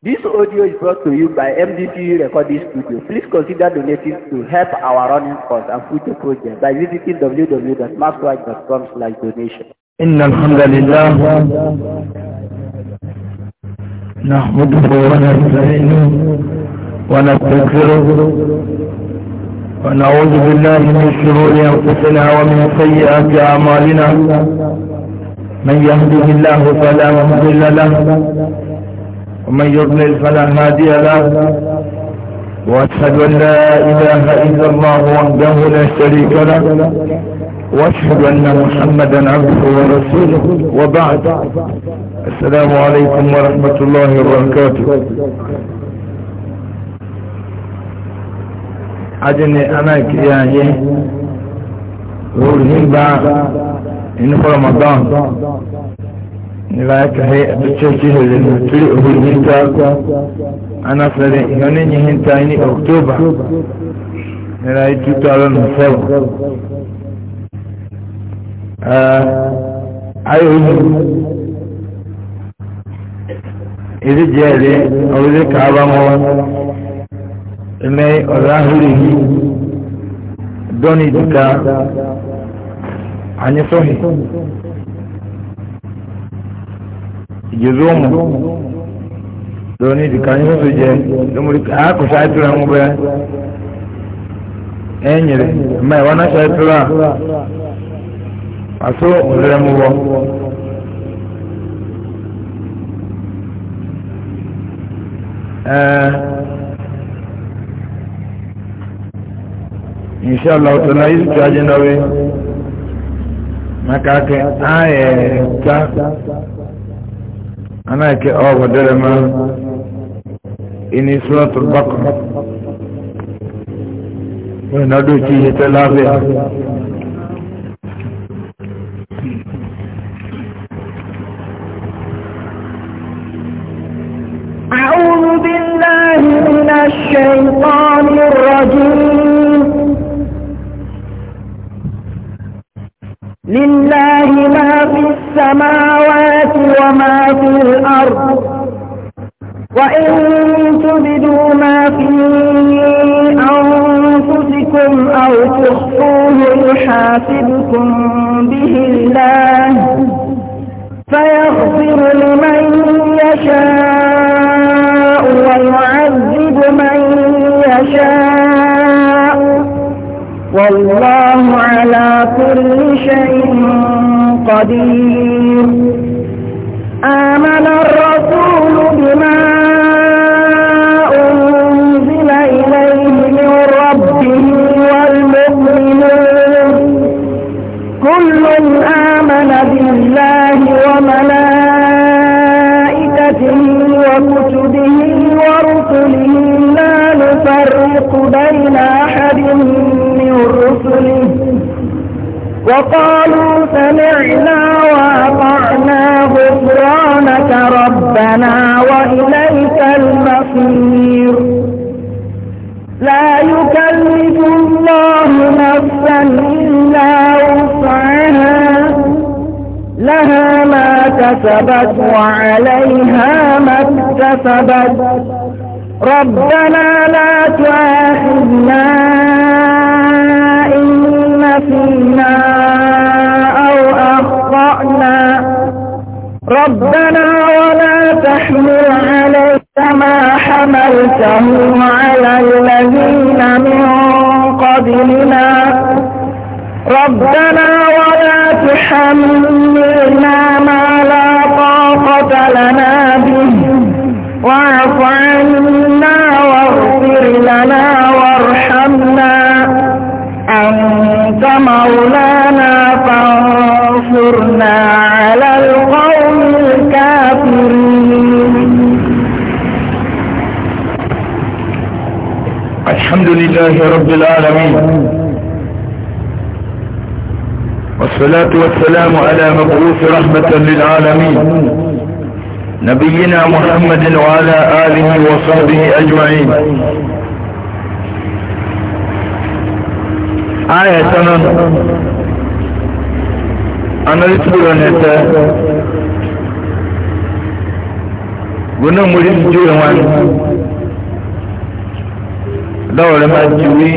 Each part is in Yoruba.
This audio is brought to you by MDPU Recording Studio. Please consider donating to help our running costs and future projects by visiting www.maxwatch.com slash donation. إن الحمد لله نحمده ونستعينه ونستغفره ونعوذ بالله من شرور أنفسنا ومن سيئات أعمالنا من يهده الله فلا مضل له ومن يضلل فلا هادي له واشهد ان لا اله الا الله وحده لا شريك له واشهد ان محمدا عبده ورسوله وبعد السلام عليكم ورحمه الله وبركاته عجني اماك يعني ورهيبا ان رمضان nilaka he abicho chihele nutuli uhunyita anafere inone nyihinta ini oktoba nilai 2007 ayo hini ili jeli awili kaabamo imei orahurihi doni dika anyisohi ìjòzómù lóní ìdìkan yóò tó jẹ lómúri àákùsá ìtura ń bẹ ẹnyẹrẹ mẹ wọn náà ṣe ìtura àtó òlẹrẹ mu wọ. inshallah tana yi su caji nawe makaka ayẹ ta أنا كأبا دلما إني سورة البقرة ونادو تيه تلافيا أعوذ بالله من الشيطان الرجيم لله ما في السماوات وما في الأرض وإن تبدوا ما في أنفسكم أو تخفوه يحاسبكم به الله فيغفر لمن يشاء ويعذب من يشاء والله على كل شيء قدير آمن الرسول بما أنزل إليه من ربه والمؤمنون كل آمن بالله وملائكته وكتبه ورسله لا نفرق بين أحد منهم وقالوا سمعنا وأطعنا غفرانك ربنا وإليك المصير لا يكلف الله نفسا إلا وسعها لها ما كسبت وعليها ما اكتسبت ربنا لا تؤاخذنا نسينا أو أخطأنا ربنا ولا تحمل عليك ما حملته على الذين من قبلنا ربنا ولا تحملنا ما لا طاقة لنا به واعف عنا واغفر لنا الحمد لله رب العالمين والصلاة والسلام على مبعوث رحمة للعالمين نبينا محمد وعلى آله وصحبه أجمعين آية سنة أنا أتبر أن أتبر ونمر الجوع lọ́wọ́rẹ́ máa juwé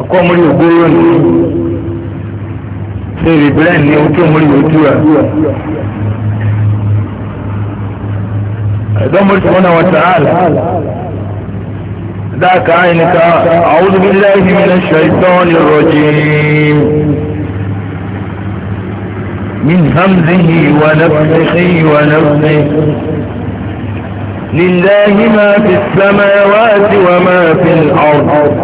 ọkọ́ múrí ògbóró ní ṣe rí bẹ́ẹ̀ ní ojú múrí ojú rẹ̀. ẹ̀dọ́ múrí sọ́nà wọn tààlà ذاك عينك أعوذ بالله من الشيطان الرجيم wa همزه ونفسه ونفسه لله ما في السماوات وما في الأرض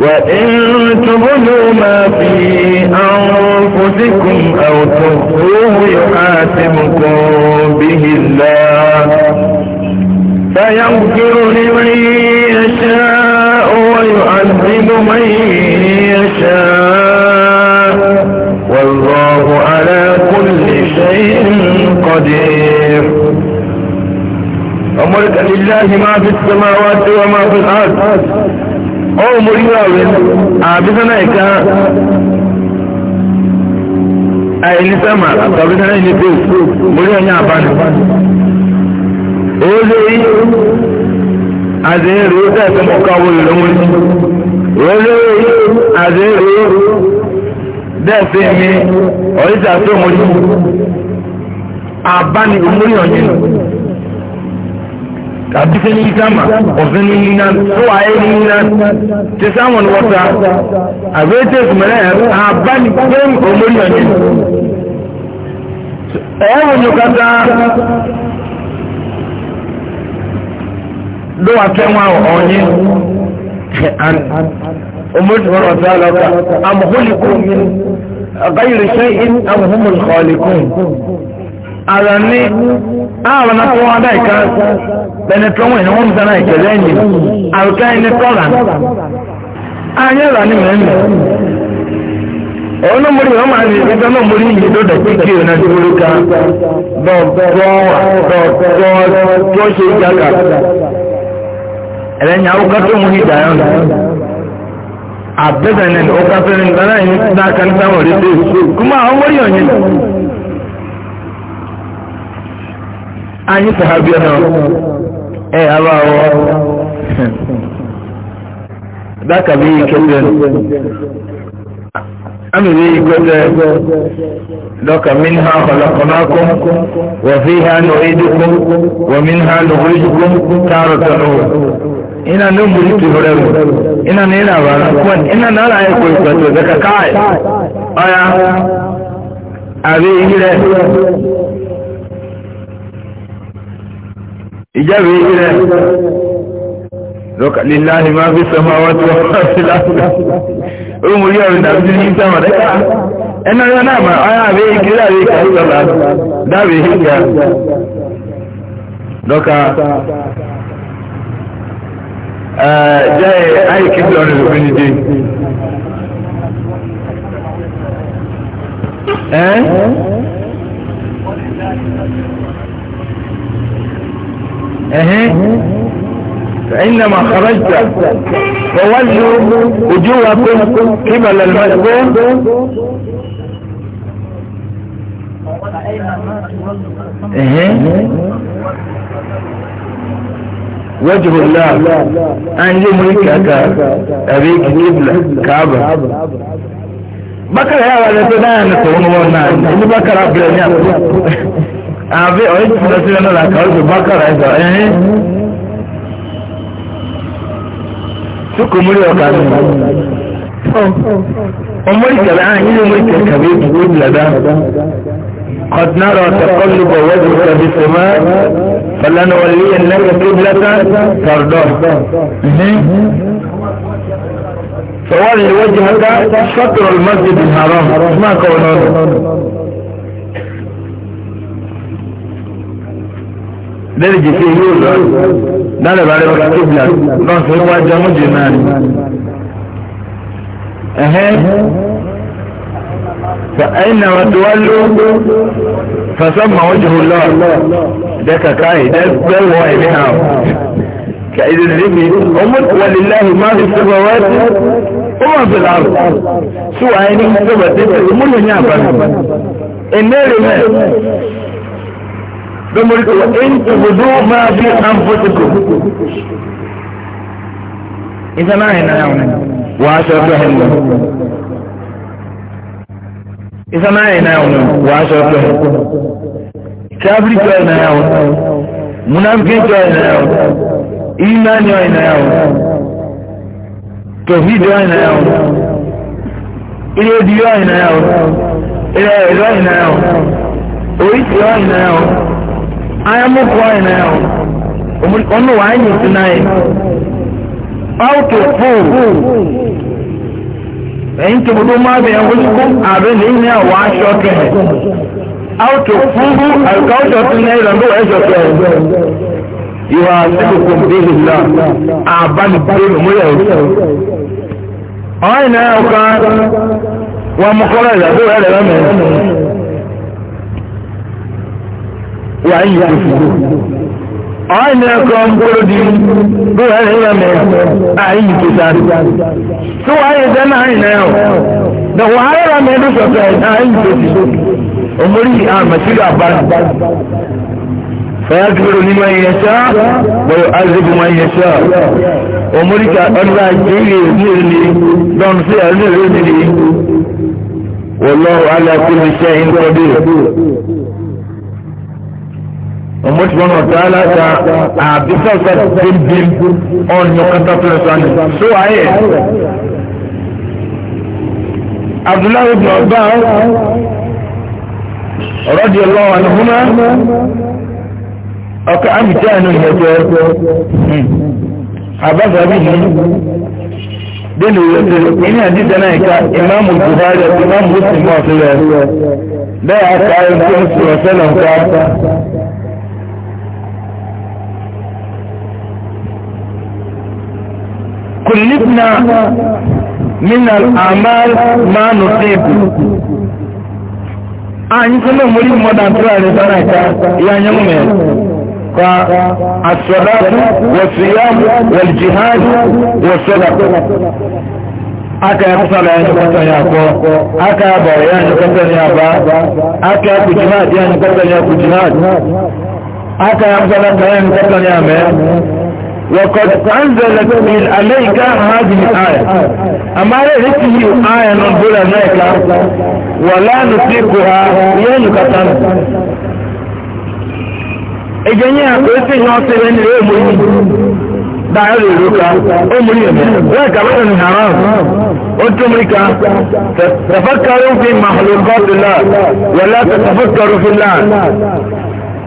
وإن تبدوا ما في أنفسكم أو تخفوه يحاسبكم به الله فيغفر لمن يشاء ويعذب من يشاء والله على كل شيء قدير ọmọdé lillahi máa fi sọmọ àwọn àti wọn fi hàn ọwọ́ mórí wà wẹ́ àbísánà ẹ̀ka àìní sẹ́mà àtàbísánà ìní pé mórí ọ̀yàn àbánu òòlù yìí àzẹ́rù tẹ̀sán mọ́ká wọ ìlọ́mọ́ sí òòlù yìí àzẹ́rù tàbí sẹ́ni ìsámà ọ̀sẹ̀ ní nínà tó wà ayé ní nínà tẹ sáwọn wọ́ta àbẹ́tẹ̀ ìsúmọ̀lẹ́ àbáni fún òmórí ọ̀yẹ́ ẹ̀wọ̀n yóò kata ló wà tẹ́wọ̀n ọ̀yẹ́ òmórí ọ̀sẹ̀ ọlọ́ta àmọ̀hólìkù غير شيء أو هم الخالقون أرني a, àwọn akọwọ adáìka o tọwọ ẹni o dáná ìkẹlẹ ẹni àrùká ẹni tọrà ayé rà ní mẹ́mẹ́ ọ̀nà mọ̀rí ọmọ àti ìgbà náà mọ̀rí yìí tó dẹ̀ pé kí ọ̀nà ìgboro ká dọ̀tọ̀ tó ṣe jáka ẹ̀rẹ́nyà ọkọ̀ tó mú ní ìdáyọ̀ náà àbẹ́sẹ̀ ní ọkọ̀ fẹ́rẹ̀ nígbà náà yìí dáka ní sáwọn rí sí kuma àwọn mọ̀rí ọ̀yìn anyị sahabịa nọ ee aba awọ daka bụ iyi kete amịrị iyi kete dọka min ha khalaqnakum wa fiha nu'idukum wa minha nukhrijukum taratan ukhra ina nan buri tuhurar ina na yana bara kuma ina na raye koyi kwato daga kai aya abe ihire ìjẹ́bi yìí rẹ̀ lílàhì máa fi sọmọ ọwọ́ tí wọ́n fẹ́ sí lásìkò orúmọ orí ọ̀rọ̀ ìdàbí ní sọmọ rẹ̀ká ẹnà yọ náà mà ọyá àbí ìkírí àbí ìkàrí sọlá dábì ìkà lọ́ka jẹ́ àìkí lọ́rùn اهي فإنما خرجت فولوا وجوهكم قبل المسجد اهي وجه الله أن يملك أبيك قبلة كعبة بكر يا ولد أنا كون ورنا بكر أبلني àbí ọ̀yẹ́ ti fún ẹsẹ̀ náà làkà ọ̀yẹ́ bá kàrà ẹ̀sọ̀ ẹ̀hìn. Sukùmùrì ọ̀kà mi. Ọmọdé kẹlẹ́ àá ah, yín ọmọdé kẹlẹ́ kàbí ìdìbò ìbìlàdá. قد نرى تقلب وجهك في السماء فلنولينك قبلة ترضاها فول وجهك شطر المسجد الحرام ما قولنا lẹ́nu jìkì yóò lọ dálẹ̀ bá rẹwà kébìlà lọ́sẹ̀ wá jẹun jẹ náà ni. فأين وتولوا فثم وجه الله ده كاي ده هو إليها كإذ الذبي ولله ما في السماوات وما في الأرض سوى عيني سبت تبت ملهم يعبر إنه لمن lọ́mọdé tó ń tòbodó máa bí àǹfọ̀tòkò. ìtàn àyìn náà yàwọn wàá sọ pé ẹ̀ lọ. ìtàn àyìn náà yàwọn wàá sọ pé ẹ̀ tó ẹ̀ náà yàwọn múnáfíkì tó ẹ̀ náà yàwọn ìmánì ọ̀ náà yàwọn tòfíìdì ọ̀ ẹ̀ náà yàwọn ilé odi ọ̀ náà yàwọn ilé ẹ̀rọ ẹ̀ náà yàwọn oríṣi ọ̀ náà yàwọn aya mu kwa ina yao onu wa anyi tunaye au tufu ẹ̀yìn tó gbogbo máa bẹ̀rẹ̀ wọ́sùkú ààrẹ lẹ́yìn náà wà á ṣọ́ọ̀tẹ̀ ẹ̀ áwùtò fúnbú àrùkà ó ṣọ́ọ̀tẹ̀ náà ìrànlọ́ wà á ṣọ́ọ̀tẹ̀ ẹ̀ ìwà síbùkún bíi ìlà àbánipẹ́rù múlẹ̀ òkú ọ̀hún náà ọ̀kan wọn mú kọ́lá ìrànlọ́wọ́ ẹ̀rẹ̀ lọ́mọ wà á yẹ fún ọ̀hún ní ẹ̀kọ́ ńkúrò di bí wọ́n rí ẹ̀mẹ́ àyíyí kíta tí wọ́n ayé jẹ́ náà ìnà ẹ̀hún dẹ̀ wọ́n ayé rà mẹ́rin sọ̀tẹ̀ àyíyí kíta òmórí àmàtí àbá fẹ́yàtúrò nínú ẹ̀yẹ ṣá bọ̀yọ̀ azẹ́gùn ẹ̀yẹ ṣá òmórí ọ̀nà ìjẹ́rì ní dọ́n sí ẹ̀rọ ní wọ́lọ́wọ́ alákùnrin ṣẹ́ ìkọ́dé ọmọ tí wọn nọ tí ala ta àbísọ̀ sọ bímbím ọ̀nà kata fúnra sani so ayé abdullahi ibn ọba rọdí ọlọ́wọ́ àlùmọ́ ọkọ amìtí àná ìyẹ̀jẹ̀ abáfàbí yìí dénú ìyẹ̀jẹ̀ ìní àdídẹ́ náà ìka ìmáàmù buhari àti ìmáàmù muslim náà sílẹ̀ bẹ́ẹ̀ àkàrà ìfúnṣẹ́ ọ̀sẹ̀ náà ká. كلفنا من الأعمال ما نصيب أعني كنا مريد مدان ترى لسانك يعني يومين فالصلاة والصيام والجهاد والصدقة aka ya kusa da yanyi kwatan ya ko aka ya nye yanyi ya ba aka ya ku ya yanyi kwatan ya ku aka ya kusa da yanyi kwatan ya mee. وقد أنزلت عليك هذه الآية أما رأيته آية نقول عليك ولا نطيقها ينك تنسى ìjẹyìn àkóyèsí yàn ti rẹ nílé òmùrí dáhẹ́rì ìrókà òmùrí ẹ̀mẹ́ lẹ́ẹ̀ka bẹ́ẹ̀ ní haram ó túnmùrí ká tẹ̀fẹ́kọ̀ọ́ fi màálùkọ́ ti láà wọlé tẹ̀fẹ́kọ̀ọ́ fi láà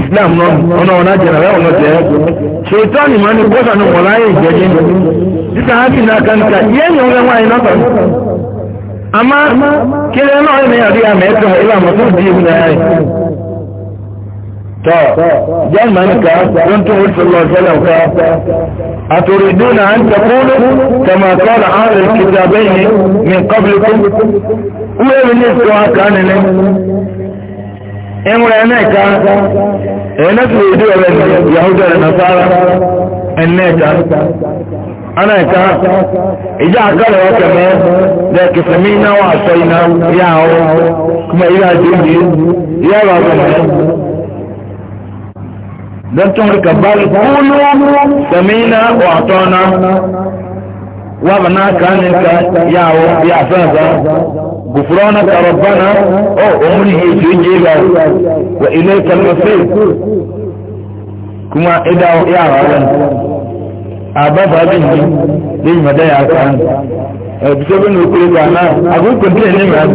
islam náà ọ̀nà ọ̀nà jẹ̀rẹ̀ rẹ̀ ọ̀nà jẹ́ ṣètọ́ ni mọ́ ní gbọ́sà ní wọ̀n láyé ìjẹ́jẹ́ títà á sì náà kàńkà yẹ́yìn ọ̀rẹ́ wáyé náà pẹ̀lú àmá kílẹ̀ náà ẹ̀mí àrí àmì ẹ̀tọ́ ilé àmọ́ tó di ìwúlẹ̀ rẹ̀ tọ́ jẹ́ mẹ́nìkà tó ń tó wọ́n sọ̀rọ̀ sọ́lọ̀ ká أتريدون أن تقولوا كما قال أهل الكتابين من قبلكم ومن السواء كان لهم enwere eneka eneka ụdị ere yahudere nasara eneka aneka ije akara wata mee da kifami na wato ina ya hau kuma ina jirgi ya ba zama don tun rika bari kulu samina wato na وابناك عنك يا يا أساسا غفرانك ربنا أو عمره يجيبا وإليك المصير كما إذا يا غالب أبابا بني للمدايا كان بسبب وكل دعنا أقول كنت نعم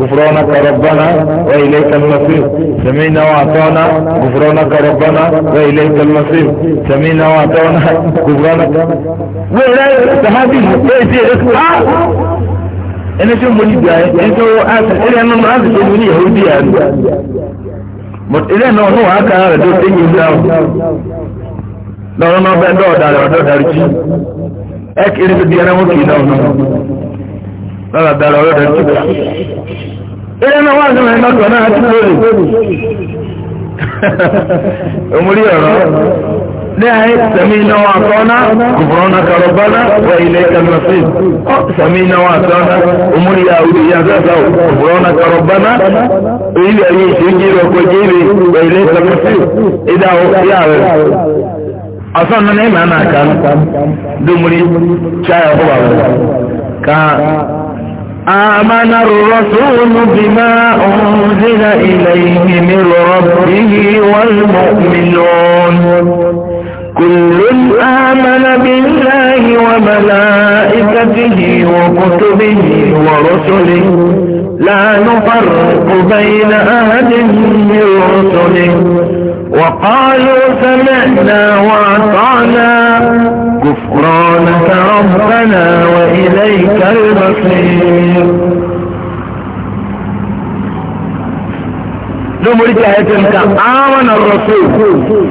غفرانك ربنا وإليك المصير سمينا وأعطانا غفرانك ربنا وإليك المصير سمينا وأعطانا غفرانك ولا تهدي ليس إسقاط أنا شو مني جاي أنت هو أسر أنا ما أسر شو مني يهودي أنا بس إذا نو نو هكذا دوتين يجاو لو نو بندو دارو دارو ẹ kiri fi di ẹranko kì í náà nù lọ́la dára ọ̀rọ̀ rẹ̀ tó kà. eré náà wà nínú ẹ̀nà ọ̀dọ̀ náà ti lórí. omori ọ̀rọ̀ ní ayé sẹ̀mí iná wa sọ́nà kùfùrọ̀ náà kàrọ̀ bọ́nà wọ ilé kẹmẹ́ sí ọ sẹ̀mí iná wa sọ́nà omori ya orí ya sọ́sọ́ kùfùrọ̀ náà kàrọ̀ bọ́nà ilé ayé ìṣèjì rẹ̀ kọjá ilé wọ ilé kẹmẹ́ sí ìdáwó yára rẹ̀ ọsán nínú ìmọ̀ àná àkàn dùmùrí chaya ọ̀húwà wọ̀ ká آمن الرسول بما أنزل إليه من ربه والمؤمنون كل آمن بالله وملائكته وكتبه ورسله لا نفرق بين أحد من رسله وقالوا سمعنا وأطعنا غفرانك ربنا وإليك المصير نمرك هيتمك آمن الرسول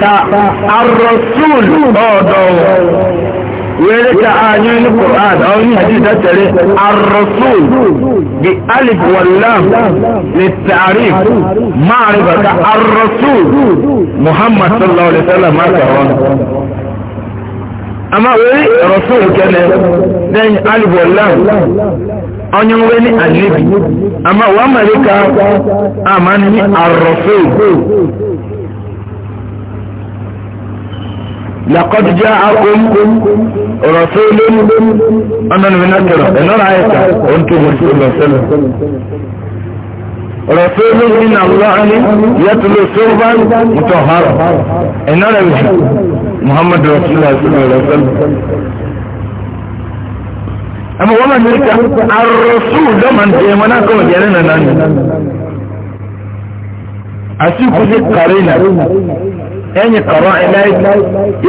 كالرسول أوضو wẹ́rẹ́ ká a ní ní Qur'an àwọn ní hadith tẹ́lẹ̀ ar-rasul bí alif wallam ní ta'arif ma'arifa ka ar-rasul muhammad sallallahu alaihi wasallam ma ka wọn amma wẹ́rẹ́ rasul kẹ́lẹ̀ lẹ́yìn alif wallam onye nwe ni alibi amma wa malika amani ar-rasul لقد جاءكم رسول انا من اكرا انا رأيت أنتم رسول الله رسول من الله يتلو صوبا مطهرا انا رايك محمد رسول الله صلى الله عليه وسلم اما وما نلك الرسول ده من تيمنا كما جالنا ناني اسيكو دي قرينا yan yi kama ilayi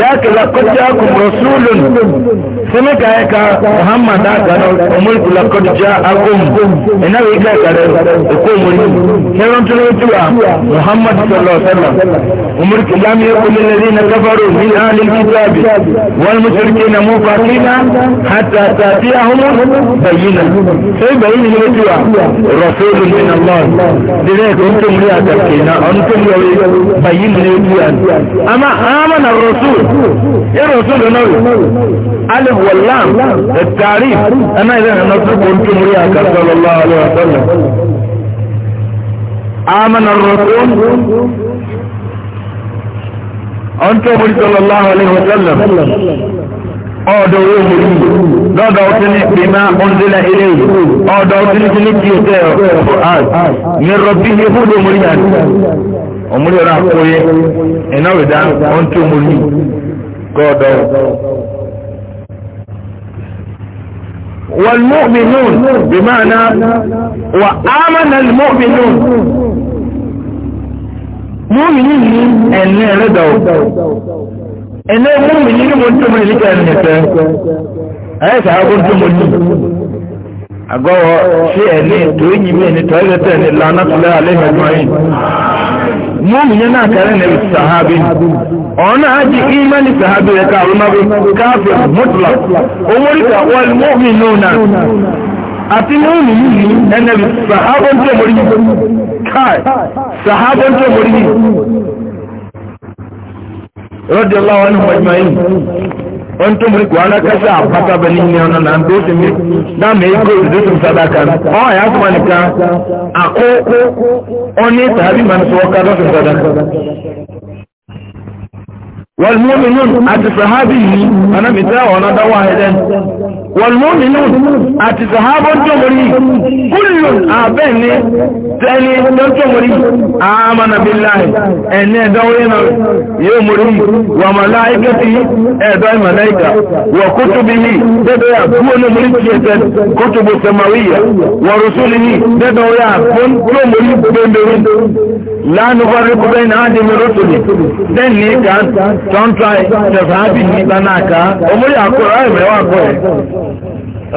ya kila kudi akun rasulun sun ka yi ka muhammad aka na umar kula kudi ja akun ina yi ka kare da ko muri kiran tunan tuwa muhammad sallallahu alaihi wasallam umar kula mai kulli lari na kafaru min alil kitabi wal mushriki na mufakina hatta tatiyahum bayyina sai bayyina ne tuwa rasulun min allah dire ko mutum ya tarkina an ama amana rasul e rasul nawi alif wal lam at-ta'rif ana idan nasbu kuntum riya sallallahu alaihi wasallam na rasul anto muri sallallahu alaihi wasallam ọ̀dọ̀ owó mòrí lọ́dọ̀ ọtí ní ìpínmá ọ̀nzílẹ̀ ilé ìlú ọ̀dọ̀ ọtí ní kíní kí o tẹ́ ọ̀rọ̀ ní rọ̀bí ní fúdò mòrí náà ọmọdé ọ̀rọ̀ àkóyé ẹ̀nà wẹ̀dá wọ́n tó mú ní gọ́ọ̀dọ̀ والمؤمنون بمعنى وآمن المؤمنون مؤمنين أن ردوا أن المؤمنين منتم لك أن يتعلم أيسا أقول أقول شيء أني تويني مني تويلة أني لا نطلع أجمعين mọ́mìnà náà ka ní sàhábí ọ̀nà ájì ìmẹ́ni sàhábí rẹ̀ ká rúnmọ́bí káàfẹ́ mọ́tùlá owó ríta wọ́n mọ́mìnà náà àti mọ́mìnà yìí ẹnẹ́bí sàhábọ́n tó mọ́rí káì sàhábọ́n tó mọ́rí rọ́dí on to muri ko ana kasa apata bani ne ona nan do se mi da me sadaka o ya kuma ni ka ako oni tabi man so ka sadaka والمؤمنون أتصحابه أنا مثلا وأنا دواهدا والمؤمنون أتصحاب الجمهوري كل أبن تاني الجمهوري آمن بالله أن دوينا يومري وملائكته أدوي ملائكة وكتبه تدوي أبون مريكية كتب سماوية ورسوله تدوي أبون جمهوري لا نفرق بين هذه من رسله ذنك don't try just happy nígbà náà ká omori àkọrọ ẹ̀mẹ̀ wà kọ́ ẹ̀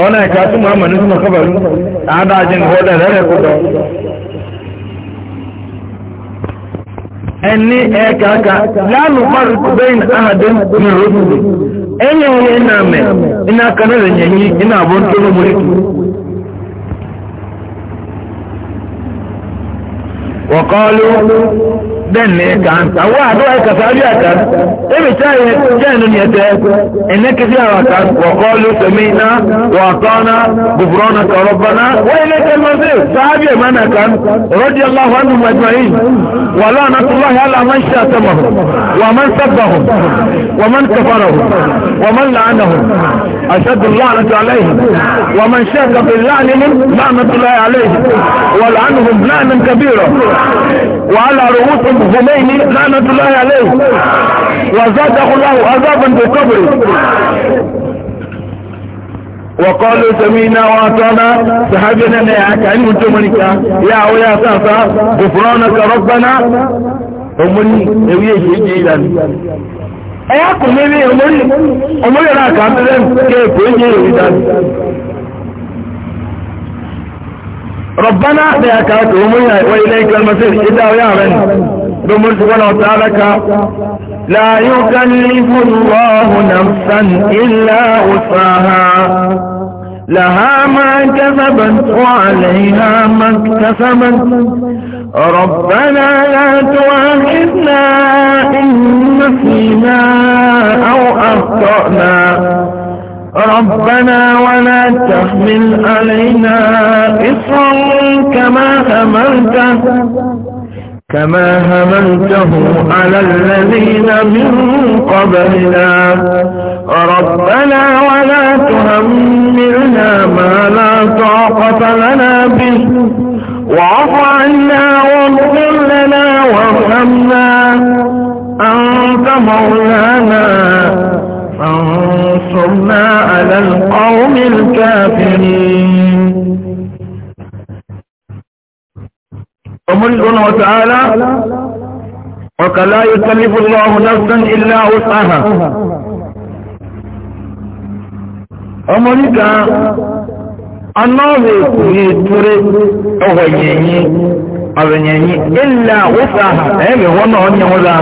ọ̀nà ẹ̀ka tó máa mọ̀ ní súnmọ̀ kọ́bẹ̀rú àádájẹ́ ní wọ́dẹ̀ rẹ̀ kó dọ̀ ẹni ẹ̀ka ká lánàá tó bẹ́yìn àhàdé ní ròdùn ẹ̀yẹ̀ wọn ní ẹ̀nà mẹ́ ẹ̀nà وقالوا دني كان واحد واحد كفاجا كان ابي تاي يتاك انك فيها كان وقالوا سمينا واعطانا غفرانك ربنا واليك المصير صحابي منا كان رضي الله عنهم اجمعين ولعنة الله على من شاتمهم ومن سبهم ومن كفرهم ومن لعنهم اشد اللعنة عليهم ومن شاك في اللعن لعنة الله عليهم ولعنهم لعنا كبيرا وعلى رؤوس الجنين لعنة الله عليه وزاده الله عذابا بقبره وقالوا سمينا واعطانا صحابنا نياك علم تمنك يا ويا ساسا غفرانك ربنا ومني يويه جيلا اياكم مني ومني ومني راك عبد الله كيف وجيه جيلا ربنا لك أمنا وإليك المسير إذا ويعمل رمل سبحانه وتعالى لا يكلف الله نفسا إلا وسعها لها ما كسبت وعليها ما اكتسبت ربنا لا تؤاخذنا إن نسينا أو أخطأنا ربنا ولا تحمل علينا إصرا كما هملته كما هملته على الذين من قبلنا ربنا ولا تهملنا ما لا طاقة لنا به واعف عنا واغفر لنا وارحمنا أنت مولانا فانصرنا على القوم الكافرين ومن سبحانه وتعالى وكلا يكلف الله نفسا إلا وسعها أمريكا النظر يتري أغنيني أغنيني إلا وسعها أي هو نهني ولا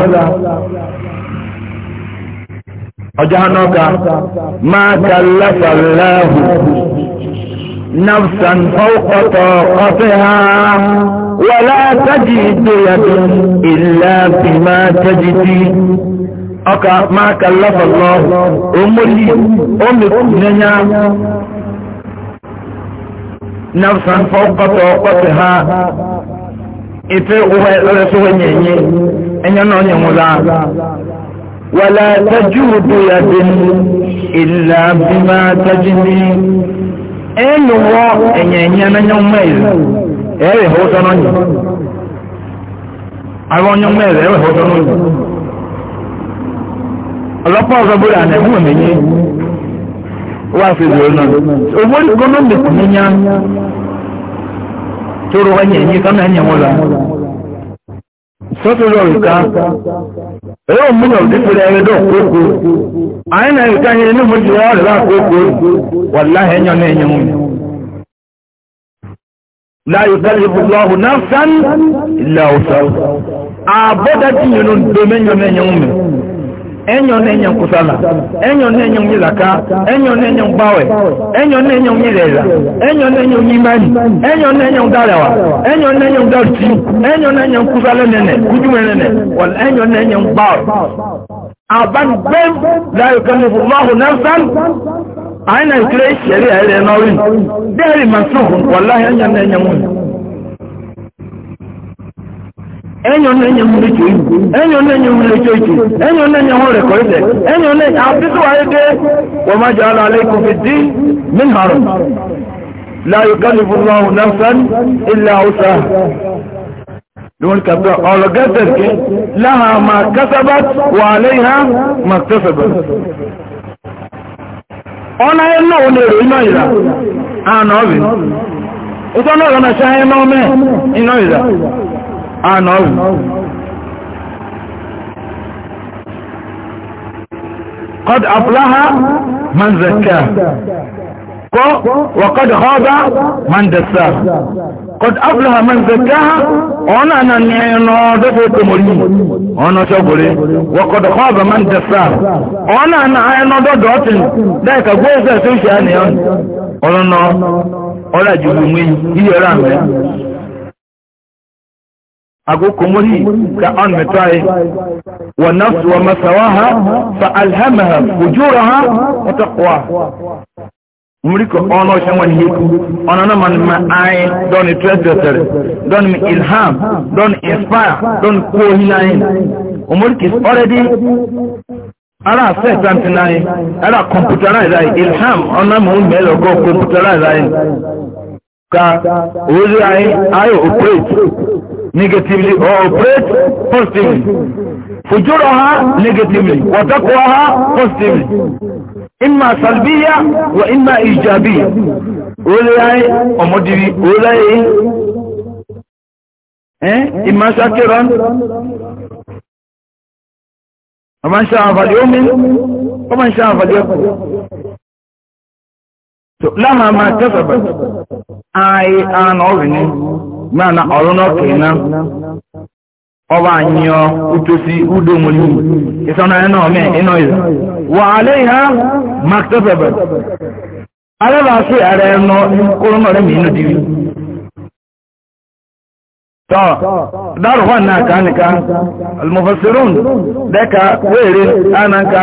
ọjọ́ anọ́ka máa nafsan fọ́kọ̀tọ̀ kọfẹ́ ha wà látàjì ìgbéyàtọ̀ ya fi ọka máa kàlẹ́ fàlẹ́hù omori omekùnẹ́nyà nafsan fọ́kọ̀tọ̀ kọfẹ́ ha ìfẹ́ òwẹ́ lọ́rẹ́sọ́wẹ́ nyẹ̀nyẹ́ ẹ̀yẹ́ náà nyẹ̀múlá ولا تجود يد إلا بما تجني ẹnu wọ ẹ̀yẹ̀yẹ̀ mẹ́yàn mẹ́rin ẹ̀rẹ̀ ẹ̀họ́ tọ́nà yìí àwọn ọ̀yàn mẹ́rin ẹ̀rẹ̀ ẹ̀họ́ tọ́nà yìí ọlọ́pàá ọ̀sọ́gbọ́dà nẹ̀hún ẹ̀mẹ́yẹ wà fi ìwé náà owó ìgbónà lè kùn níyàn tó rọ ẹ̀yẹ̀yẹ̀ tọ́nà ẹ̀yẹ̀ wọ́n lọ́nà sọ́tọ̀rọ̀ ìka ẹ̀yọ́ múlọ̀ dípìlẹ̀ ẹ̀rẹ́ dọ̀ kókó àyìn náà ìka yẹn inú mú jùlọ rẹ̀ láà kókó wà enyo nenyo kusala enyo nenyo nyilaka enyo nenyo bawe enyo nenyo nyilela enyo nenyo nyimani enyo nenyo dalawa enyo nenyo dalti enyo nenyo kusala nene kujumelene wal enyo nenyo bawe aban bem la yukallifu Allahu nafsan aina ikre sheria ile nawi dari masuhun wallahi enyo nenyo mwini enyo na enye mmiri cho ibu enyo na enye mmiri cho ichi enyo na enye nwere ko ide enyo na enye abisu wa ide wa ma ja'ala alaykum fi din min haram la yukallifu Allahu nafsan illa wusaha anọwù قد أفلح من زكاه وقد خاب من دساه قد أفلح من زكاها أنا نعينه تمري أنا شغلي وقد خاب من دساه أنا نعينه دوتن ذلك قوة سيشاني أنا أنا أنا جبومي هي رامي agogo muri ka an mitai wa nafsu wa masawaha fa alhamaha fujuraha wa taqwaha muriko ono shawan hiku ono na man ma ai don treasure don ilham don inspire don ko hinain umur is already ara set something nai ara computerize ilham ono mo melo go computerize ka ozi ai ayo operate negatively or operate positively. فجورها negatively وتقواها positively. إما سلبية وإما إيجابية. أولاي أمودي أولاي إيه إما شاكرا ومن شاء فليؤمن ومن شاء فليكفر. لها ما كسبت. I am ordinary mana ọ̀rọ̀ náà kìí ná ọba àyíyàn utosi udo mọ̀lú ìsọ́nà ẹ̀nà ọ̀mẹ́ iná ìlú wà alẹ́ ìhá mctopebel alẹ́bàáṣẹ́ ààrẹ ẹ̀nà kórónà rẹ̀ mìínú dìbì tọ́ dárùwà náà ká nìka almufasirun dẹ́ka wéèrè ánàká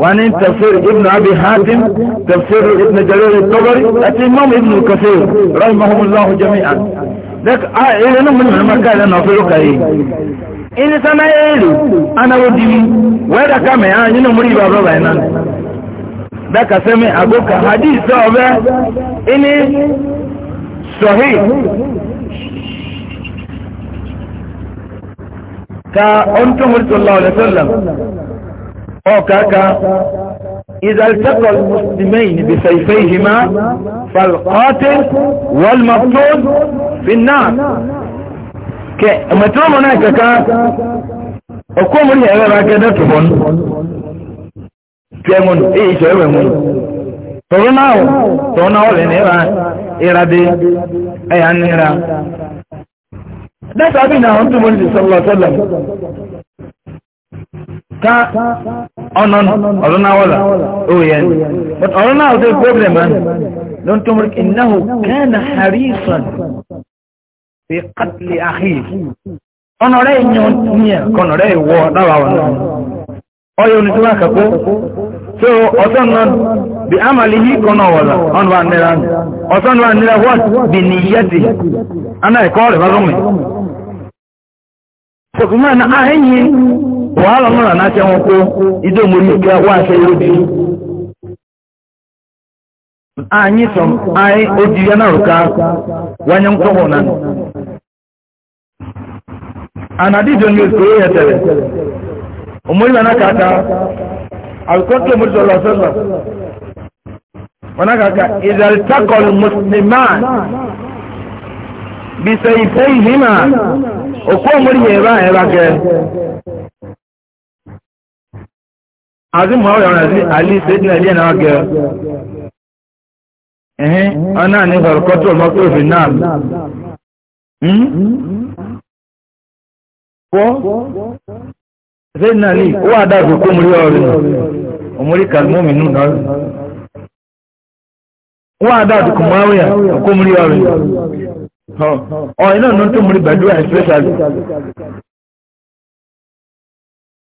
wà ní tafsir ibn abi hatim tafsir ibn jalil togori àti imam ibn kasir rahimahumullahu jami'an ilé náà múlùmí maka ilé náà fẹ́rọ kàyé ilé sáná èrè anáwó diwi wẹ́dà kàmẹ́ á nínú múlùmí bá bọ́ báyìí náà dákà sẹ́mi àgókà hadith sọ ọbẹ̀ ilé sọ̀hí ka ọ̀ntún mùsùlùmí ọ̀lẹ́sọ̀lá ọ̀kàkà إذا التقى المسلمين بسيفيهما فالقاتل والمقتول في النار متروم هناك كا أقوم لي أغير هكذا تفن تيمون إيه شعبهم تغناو تغناو لنيرا إرادي أي عن نيرا ده سابينا أنتم صلى الله عليه وسلم ka ọnọ ọdún náà wọlá òye but ọdún náà ọdún problem ni lọ́n tó na ìnáwó kẹ́nà harrison fi kàtìlì àhìí ọ̀nà rẹ̀ yan ní ẹ̀ kọ̀nà rẹ̀ wọ dáwàá wọn náà so ọ̀sán náà bí amàlì yìí kọ́nà wọlá wa nira ni wa nira what bí nìyẹ́dì aná ẹ̀kọ́ rẹ̀ bá rọ̀ mi. sọ̀kùnmọ́ náà ahẹ́yìn wàhálà ọ̀nà ànáṣẹ́ wọn kó ìdó mórí ìgbé wá àṣẹ ìròbí anyị sọm anyị oji ya na rụka wanye nkwọhụ na anadijo news ka o yetere omoriba na ka aka alkọtụ omori sọlọ sọlọ wana ka aka izaltakọl musliman bisayifeyihima okwu omori ya ebe a ebe aka azim ma ọ̀rọ̀ sí alí ṣẹ́dínà ilé náà gẹ̀ ẹ̀hìn ọ̀nà ní ọ̀rọ̀kọ́tọ̀ mọ́kúròfì náà wọ́ ṣẹ́dínà ilé ó wà dáàbò kó mú rí ọ̀rẹ́ òmúrí kalmómi nù náà wọ́n á dáàbò kó mú rí ọ̀rẹ́ ọ̀rẹ́ náà ló ń tó mú rí gbàdúrà especially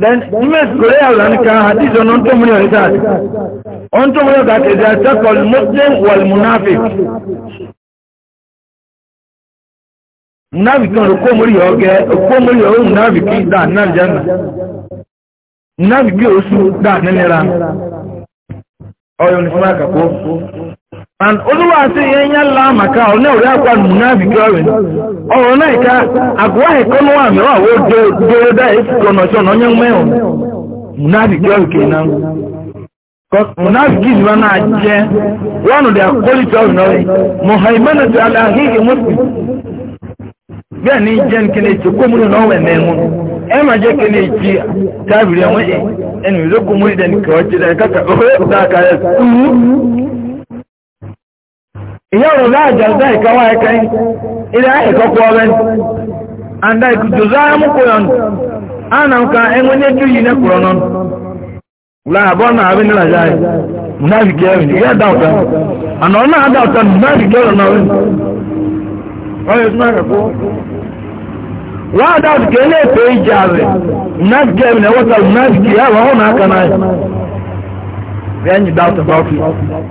then image kore yàrá nìkan hadith ọ̀nà tó múlẹ̀ ọ̀rẹ́ta ọ̀n tó múlẹ̀ ọ̀gá kẹ̀dẹ̀ àtẹ́kọ̀ọ́ muslim wal munafik munafik kan okó múlẹ̀ ọ̀gẹ́ okó múlẹ̀ ọ̀hún munafik dà nàìjánà munafik bí oṣù dà nínira ọ̀yọ̀ nìkan àkàkọ́ and olúwa sí yẹn yẹn ńlá màkà ọ̀nà ọ̀rẹ́ àgbà múnáàbí gẹ́rin ọ̀rọ̀ náà ìka àgbà ìkọ́nù àmì wà wó jẹ́rẹ́ dá èsì lọ́nà ṣọ́ ọ̀nà yẹn mẹ́rin múnáàbí náà jẹ́ ti bẹ́ẹ̀ ni jẹ́ ìyáwó láàjà ọ̀dá ìkáwá ẹ̀ka ilẹ̀ ẹ̀kọ́kọ́ ọ̀rẹ́ àndá ìkùjọzọ amúkúrọ̀ àná ẹ̀wọ́n ní yìí nẹ́kùrọ̀ náà láàbọ̀ náà àbí nílà yá ẹ̀ múnáàbí kẹrin ìyá dá ọ̀tá àná ọ̀nà àdá ọ̀tá múnáàbí kẹrin náà rẹ̀ ọ̀yọ̀ tó náà kẹ́kọ́ wọ́n àdá ọ̀tá kẹrin náà pè é rẹ̀ kẹrin náà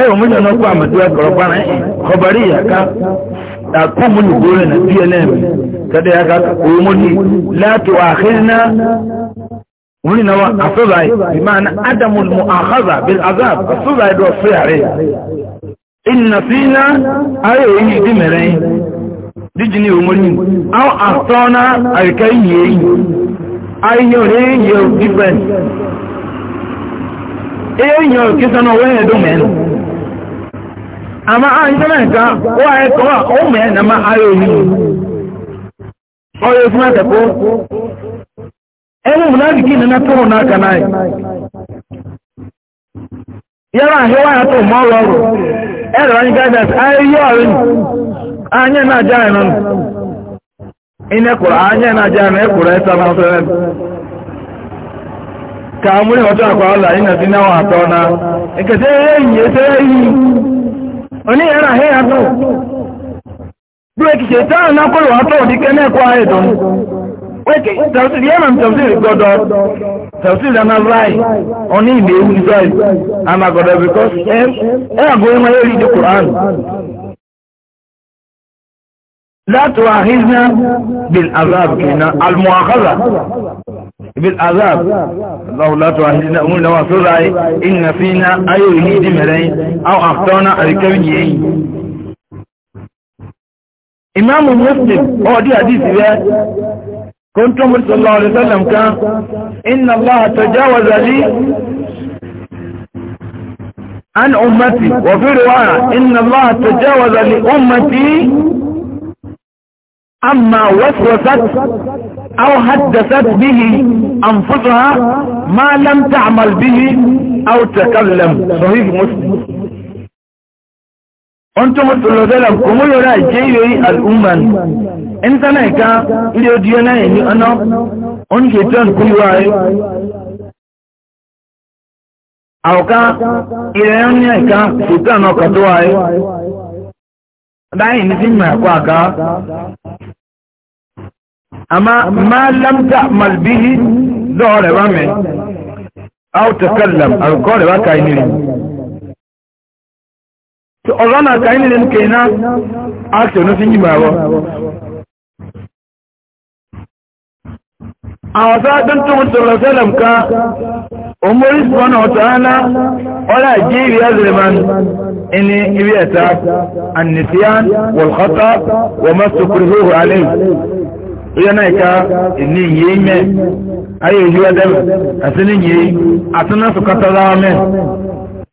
e mun yana kwa mu ya karba na khabari ya ka da ku mun gore na PNM kada ya ka ko mun la tuakhirna mun Azab wa afabai bi ma'ana adamul mu'akhadha na azab na. do fiare inna fina ayo yi di mere dijini umuri aw ahtana alkai yi ayo re yi different eyo kisa no we do men ama anyịtara nke ụwa anyị kọwa ụmụ ya na ma ara oyi ọrụ ezuma tepụ ẹnu muna jiki na natụrụ n'aka na anyị yara ahịwa ya tụ mma ọrụ ọrụ ẹrọ anyị gaja anyị yi anyị na-aja anyị nọ anyị na-aja anyị ekwuru na ọsọ ka amụrụ ịghọta akwa oni yẹn náà hẹ́yà tó bírèkì ṣètò àwọn akọlù àtọ̀ òdìkẹ́ náà kọ́ ayé tó ń wékè tẹ̀sílì yẹn náà tẹ̀sílì gbọ́dọ̀ tẹ̀sílì àná láì ọ̀ní ìgbé ewu ìsọ̀rì àmà gbọ́dọ̀ bíkọ́sì ẹ ẹ àgbo ẹ̀ wọ́n yẹ rí di quran. látò بالعذاب الله لا تؤهلنا أمورنا وصرعي إن فينا أي أيوه مرين أو أخطانا الكبنيين إمام مسلم هو دي حديث بها كنت صلى الله عليه وسلم كان إن الله تجاوز لي عن أمتي وفي رواية إن الله تجاوز لأمتي أما وسوست أو حدثت به أنفسها ما لم تعمل به أو تكلم صحيح مسلم أنتم الثلاثين كم يرى جيوي الأمم أنت نايكا إلي أدينا يعني أنا أنك يتون كل واي أو كا إلي أن نايكا سيطان أو كتواي دعين نسمع كواكا amma ma lamta malbihi da ore ba me aw takallam al qore ba kai ni to orana kai ni len kena ato no sin yimawo àwọn sáà tó ń tó ń sọ̀rọ̀ sẹ́lẹ̀m ká omori sọ́nà ọ̀tọ̀hánà ọlá jí ìrì azìrìmán ẹni ibi ẹ̀ta annisiyan wọ̀lkọ́ta wọ́n yana ika ni yi me ayo yi adam asini yi atuna su katara me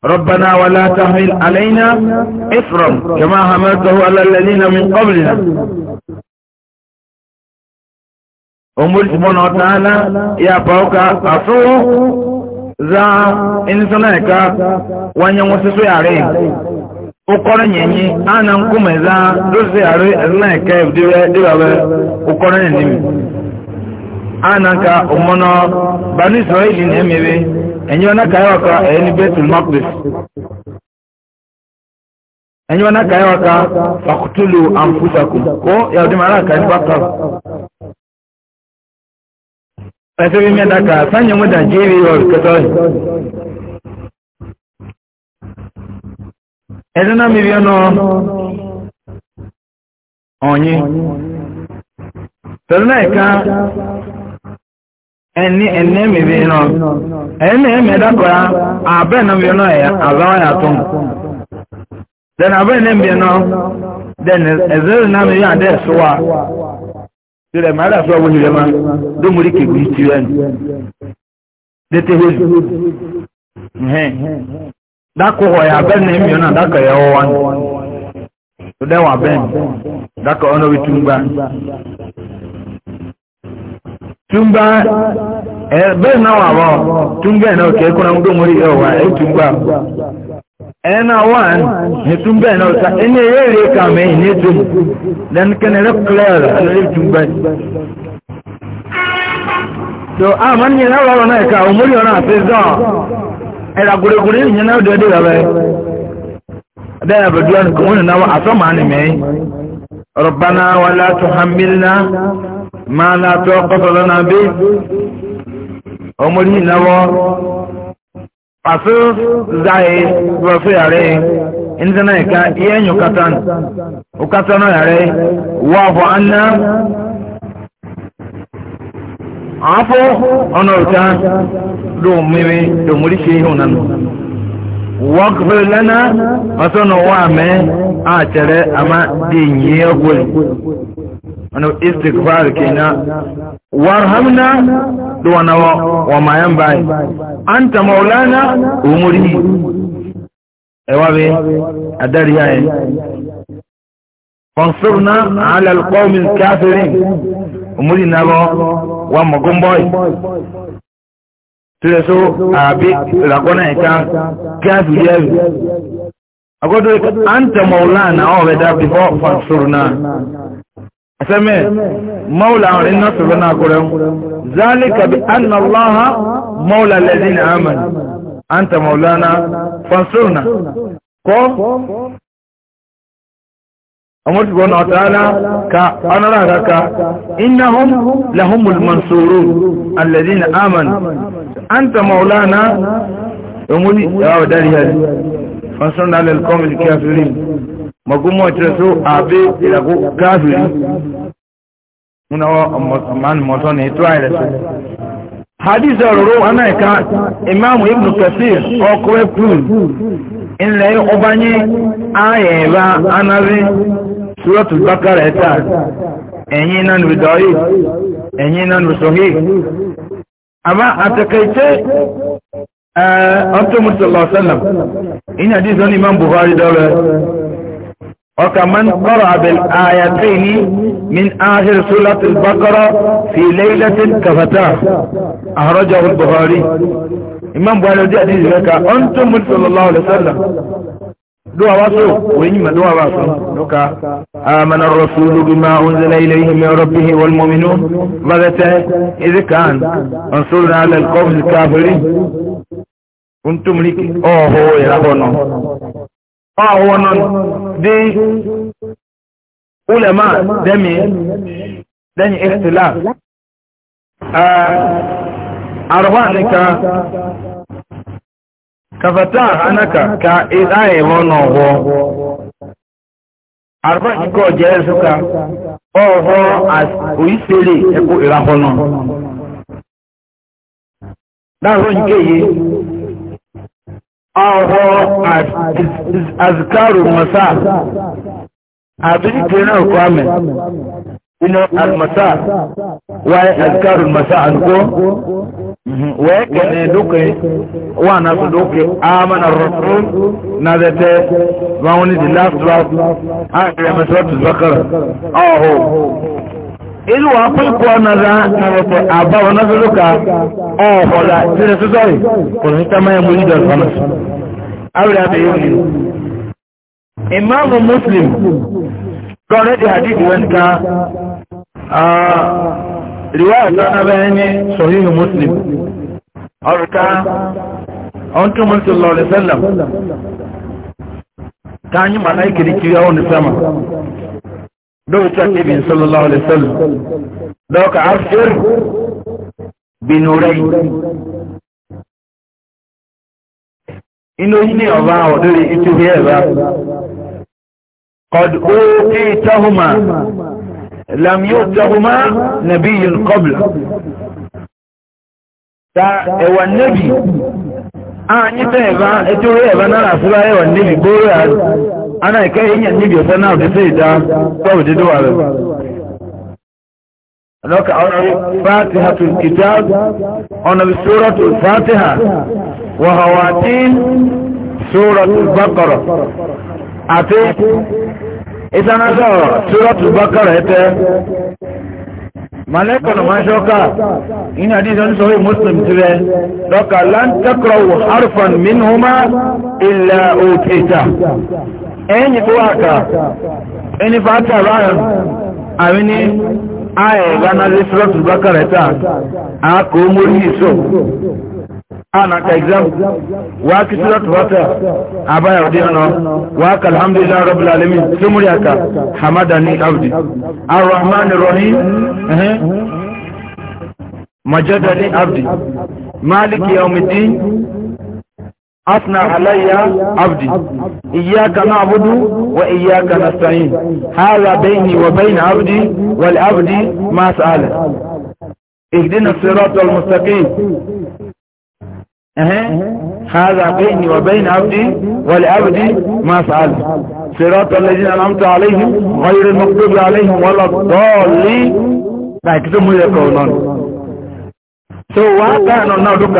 ربنا ولا تحمل علينا إفرا كما حملته على الذين من قبلنا أمور سبحانه وتعالى يا باوكا أسو ذا إنسانك وأن يمسسوا عليه ukɔrɔ ana nkume za dosi are ɛnɛkɛ diwɛ diwɛ ukɔrɔ nyenim ana ka umɔnɔ bani israeli na emebe enyi wana ka yawa ka ɛni betul makbis enyi wana ka yawa ka fakutulu anfusakum ko yawdi mara ka ni baka ɛsɛ bi mɛ daka sanyɛ mu da jeeri yɔri kɛtɔ yi. ẹ̀dínà mìírí ọ̀nà ọ̀nyí tẹ̀lé ẹ̀ka ẹni ẹni mìírí ọ̀nà ẹni ẹ̀mí ẹ̀dàkọ̀ra àbẹ́ ẹ̀nà mìírí ọ̀nà àzáwá yàtọ̀ then abẹ́ ẹ̀nà then ẹ̀zẹ́rì dako hɔ yɛ abɛn na emienu na dako yɛ ɔwan to dɛ wɔ abɛn dako ɔno bi tumba tumba ɛ eh, bɛn na wɔ abɔ tumba yɛ na o kɛɛ kɔnɔ ŋdɔ ŋori ɛwɔ ɛ tumba ɛn e na wan ne tumba yɛ na o sa ɛn yɛ yɛ ka mɛ ne tum kɛnɛ tumba so a man yɛ na na yɛ e ka o mori yɛ na a ti zɔn. ẹ̀rà gúrégúré ìyẹn náà dẹ́ẹ̀dẹ́ rẹ̀ rẹ̀ dẹ́ẹ̀ àbẹ̀dúrà nìkan wọn nìyẹn àtọ́mà ni mẹ́yìn rọ̀bánà wà látò ma máa atụ kọ́sọ̀lọ́ náà bí ọmọdé ìnáwó pàṣẹ záyé rọ̀fẹ́ yàrá ìnìtẹ́nà ìka ìyẹn yòókátán òkátán náà yàrá yìí wọ́n àbọ̀ afọ ọ̀nọ̀ta lóòmìnirí lòmúríṣẹ́ ihò nánú wọ́kùnrin lẹ́nà ọ̀sọ́nà wà mẹ́ àtẹ̀rẹ́ àmá dìnyí ọgbọ̀lì ọ̀nà istikfar kina, warhamna lọ́wọ́nàwọ́ wà mayan báyìí e. an ta maulana umuri ẹwà bí adarí fansurna a qawmin kafirin umuri nabo wa mogomboi tire so abi ragona ita gazu yeru agodo anta maulana o we da before fansurna asame maula o inna surna kuram zalika bi anna allah maula alladhina amanu anta maulana fansurna ko ọmọ tí wọ́n ọ̀tàlá ka ọ̀nàrà kaka iná hùn lahumul mansoro alẹ́dí na aman an ta maulana ọmọdé yàwó dárí hàrí fansan dalil kọmil kafiri magumọ tẹsọ abe ìlàkó kafiri muna wa amman mọtọ súrọ́tù bákàrà ẹ̀ta ẹ̀yìn náà nù dọ́yì ẹ̀yìn náà nù sọ́hí àmá àtẹ̀kẹ̀ẹ́tẹ́ ọ̀tọ́ mùsùlùmí ọ̀sánàm ìní àdíjọ́ ní imam buhari dọ́rẹ̀ ọkà man kọ́rọ̀ abel ayatẹ́ ní min ahir súrọ́tù bákàrà fi lẹ́yìnlẹ́tìn kàfàtà àhọ́rọ́jọ́ buhari imam buhari ọdí دوا واسو وين ما دوا واسو نوكا آمن الرسول بما أنزل إليه من ربه والمؤمنون ماذا إذا كان انصرنا على القوم الكافرين كنتم لك أوه هو يرهونه أوه هو دي علماء دمي دني اختلاف آه kafata anaka ka idaye wono wo arba iko je suka oho as uisele eko irahono daro nke yi oho as azkaru masa abin kena ko ame ino al masa wa azkaru masa anko Mhm. weke ne duke wana su duke amana rasul na da ta zaune the last verse a kare masarautu zakara oh ilu wa kulkuwa na za na wata abba wani zuruka oh da jira su zai kuma ta maye muni da alfanasu abu da yi ne muslim kawai da hadith wani ka ah, riwaya ta na bayan ne sahihu muslim arka an tumar sallallahu alaihi wasallam ta yi malaiki da kiriya wani sama dauka ibn sallallahu alaihi wasallam dauka afir binurai inu yi ne ọba لم يؤتهما نبي قبل ta ẹwà nẹ́bì ààyífẹ́ ẹ̀bá ẹtúrú ẹ̀bá náà àfúrá ẹwà nẹ́bì gbóòrò àrù aná ìkẹ́ èyàn níbi ọ̀fẹ́ náà òdíṣẹ́ ìdá tọ́wọ̀ dídó wà rẹ̀ lọ́kà ọ̀nàrí fàtíhà tó kìtà ọ̀nàrí sórọ̀ ìsanásọ sọrọtù bákàrà ẹtẹ malekọ̀nà máa ṣọ́ká inú àdíjọ́ ní sọ́rọ̀ muslim ti rẹ̀ lọ́kà lántakọ̀wò harfan minhuma ilẹ̀ òkèta ẹ̀yìn tó wákà ẹni fàátà ráyàn àrí ní ààrẹ̀ ìlànà lè sọ́rọ̀tù bákàrà ẹ̀ta àkó mórí ìṣọ́ ana ka exam wa ki tura tuwata a baya wadi ano wa ka alhamdulillah rabbil alamin sumuri aka hamadani abdi arrahman arrahim eh majadani abdi maliki yawmiddin أثنى علي عبدي إياك نعبد وإياك نستعين هذا بيني وبين عبدي والعبد ما سأل اهدنا الصراط المستقيم هذا بيني وبين عبدي ولعبدي ما فعل صراط الذين أنعمت عليهم غير المغضوب عليهم ولا الضالين مو يقولون سواء كانوا نردك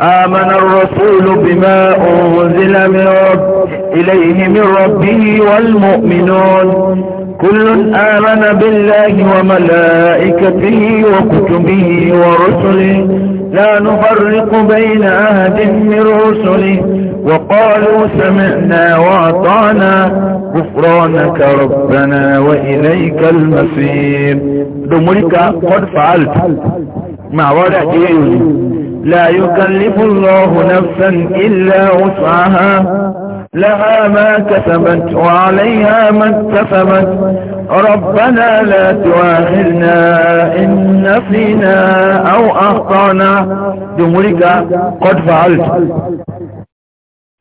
آمن الرسول بما أنزل من رب إليه من ربه والمؤمنون كل آمن بالله وملائكته وكتبه ورسله لا نفرق بين أهد من رسله وقالوا سمعنا وأطعنا غفرانك ربنا وإليك المصير دمرك قد فعلت مع ورع لا يكلف الله نفسا إلا وسعها لها ما كسبت وعليها ما اكتسبت ربنا لا تواهلنا إن نسينا أو أخطأنا جمهورك قد فعلت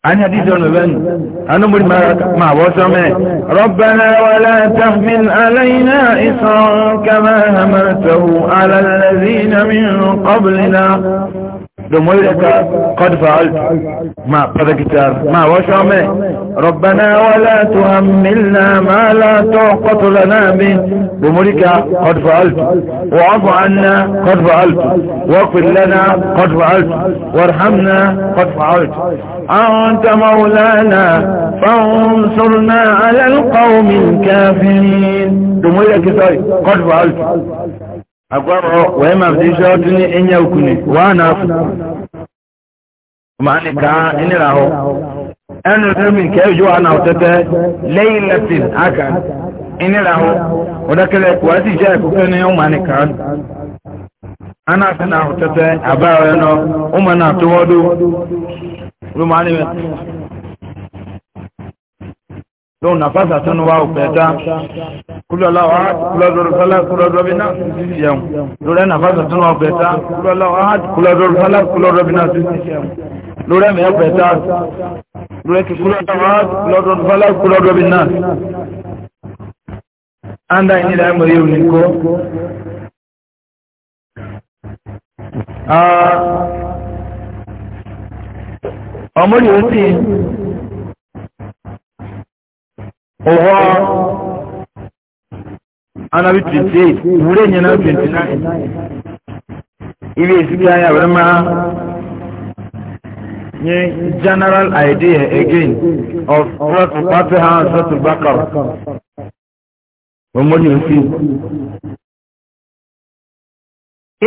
عن حديث المبن أنا مريد مع وسمع ربنا ولا تحمل علينا إصرا كما همته على الذين من قبلنا دو قد فعلت ما قد كتار ما وشامه ربنا ولا تهملنا ما لا تعقط لنا به دو قد فعلت وعف عنا قد فعلت واغفر لنا قد فعلت وارحمنا قد فعلت أنت مولانا فانصرنا على القوم الكافرين دو قد فعلت agwaro wee ma fi sọ tuni enye waa na afu maani kaa inira hɔ ɛnu nke kɛyɛ na latin aka na ɔtɛtɛ abayɔ yɛ ụmụ na tɔwɔ do don nafasa tun wa uketa kula la wa kula dor sala kula robina sisiyam lore nafasa tun wa uketa kula la wa kula dor sala kula robina sisiyam lore me uketa lore ki kula la anda ini la mo yu niko ah omori oti ọwọ́ anabi twenty eight wúlé nyina 29 nine ibi esi anya ma nye general idea again of sọtù to sọtù bakar ọmọ ní osi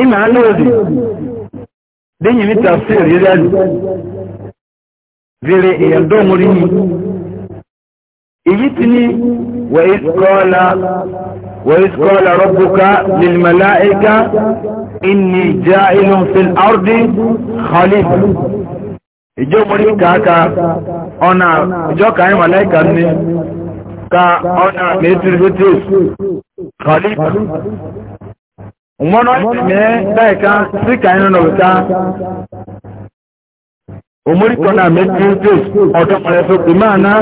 ina alóòdì dínyìmí tafsir yìí lẹ́nu zèrè èèyàn dọ́ọ̀mù rí yìí. èyí ti ní wẹ̀ẹ́sìkọ́lá rọ́bùká lèmọ̀láẹ́ká inni já inú fil ardi khalifa ìjọ mọ̀rí kàákà ọ̀nà ìjọ kàáyí mọ̀láẹ́kà ní ka ọ̀nà mẹ́tìrìfẹ́tìs khalifa mọ́nà ìmẹ́ dáìká sí kàáyí nínú omorikọna mẹtiri tèz ọdọmọlẹfẹ ìmáàna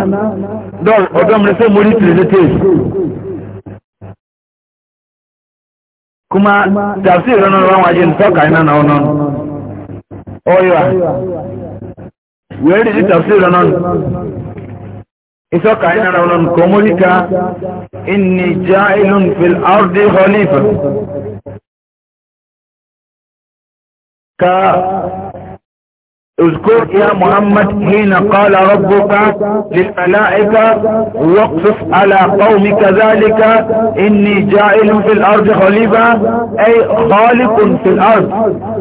ọdọmọlẹfẹ mori tìrìlẹ tèz kuma tàbí ìrànà ọ̀rọ̀ àwọn ajé nítọ́ka iná náà ọ̀nà ọ̀yọ́ wẹ́ẹ́ rìí tàbí ìrànà ìtọ́ka iná náà ọ̀nà kò mórika inni já ìlú fil ardi khalifa ka اذكر يا محمد حين قال ربك للملائكة واقصف على قومك ذلك اني جائل في الارض خليفة اي خالق في الارض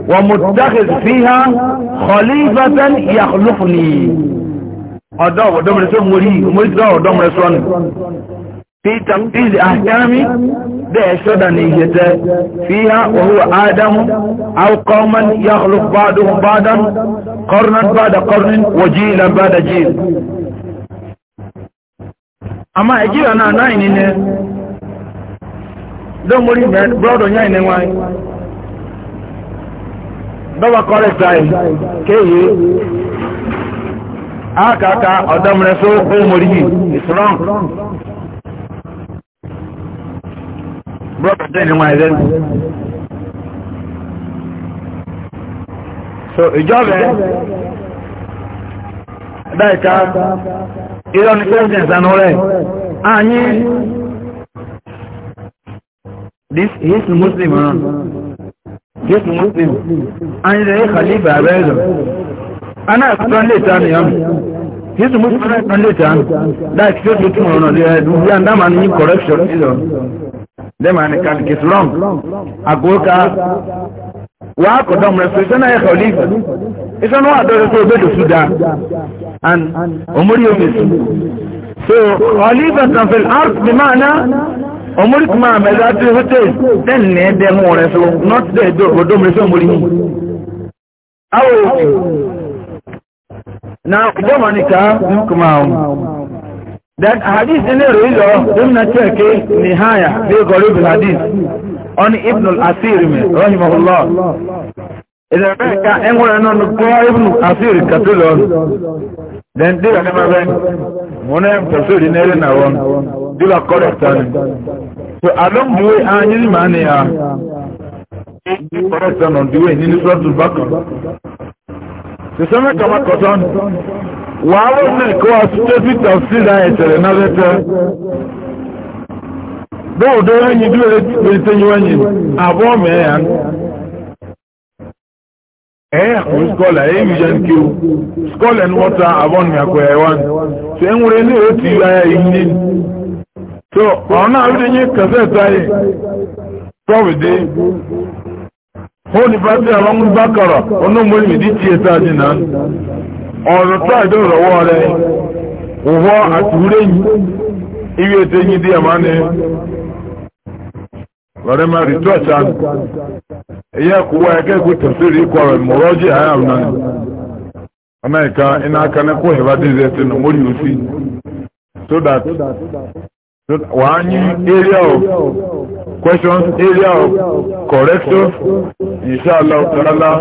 ومتخذ فيها خليفة يخلفني e tapili akami dey so da na igyeta fi ha ọhụwa adamu alkọọman yahooluwaadọm badan koronad badakoronin wajila badajil amma ejiye na 9 e nye 9 n'egyere 9 n'egyere 9 n'egyere 9 n'egyere 9 n'egyere 9 n'egyere 9 n'egyere 9 n'egyere 9 n'egyere 9 n'egyere 9 n'egyere 9 n'egyere 9 n'egyere 9 brother ten wọn ẹ̀rẹ́ nù. so ìjọba ẹ̀ dáìka irọ́ ni president sanu rẹ̀ this is muslim ọ̀nà this muslim And rẹ̀ khalifa abẹ́ rẹ̀ aná ẹ̀kọ́ lè ta nìyọ́nù yíṣù mú sí ọ̀rẹ́ kan lè ta dáìkì tó tó túnmọ̀ ọ̀nà lè ẹ̀dùn bí i àndámà dem and can get wrong agoka wa ko resolution. restriction ay khalifa isan wa do so be do sudan and umuri yumis so khalifa tan fil ard bi ma'na umuri kuma ma za hotel den ne de mo re not the do do mo so umuri ni awo na jamanika kuma that hadith ilero ilo dum na cheke eh, nihaya bi gharib hadith on ibn al-asir rahimahullah idan ka en wona non ibn al-asir katulo then dira ne maben wona tafsiri ne na won dira correct him so along the way anyi ah, mani ya correct on the way ni suratul baqarah so sama kama koton wàhálà ní kó asúté peter sílá ẹ̀tẹ̀rẹ̀ náà lẹ́tẹ̀ ẹ̀yìn dúró lẹ́tẹ̀ abụọ wẹ́yìn àbọ̀ mẹ́ẹ̀yà ẹ̀yà kò skọ́là ẹ̀yìn ìjẹun kí o skọ́là ní wọ́ta àbọ̀ ní àkọ́ ẹ̀wà ṣe ń wúre ní èyí ti ayá yìí ní tó ọ̀nà àrídẹ̀ yín kẹsẹ̀ táyé tọ́wìdé hóni bá ti àwọn ń kọ̀rọ̀ ọ̀rọ̀ tó àìdó ìrọ̀wọ́ rẹ̀ òwọ́ àtúrẹ́ yìí ibi ètò yìí dí ẹ̀má ni lọ́rẹ́ máa rí tó ẹ̀ṣá nù èyí ẹ̀kúwọ́ ẹ̀kẹ́kù tẹ̀sírí ikọ̀ rẹ̀ mọ̀rọ́jì àyàm náà nù amẹ́ríkà iná akanẹ́kọ̀ ìhẹ́bá dìde ẹ̀sẹ̀ nà mórí òsì so that wàá ní area of questions area of corrections inshallah ta'ala.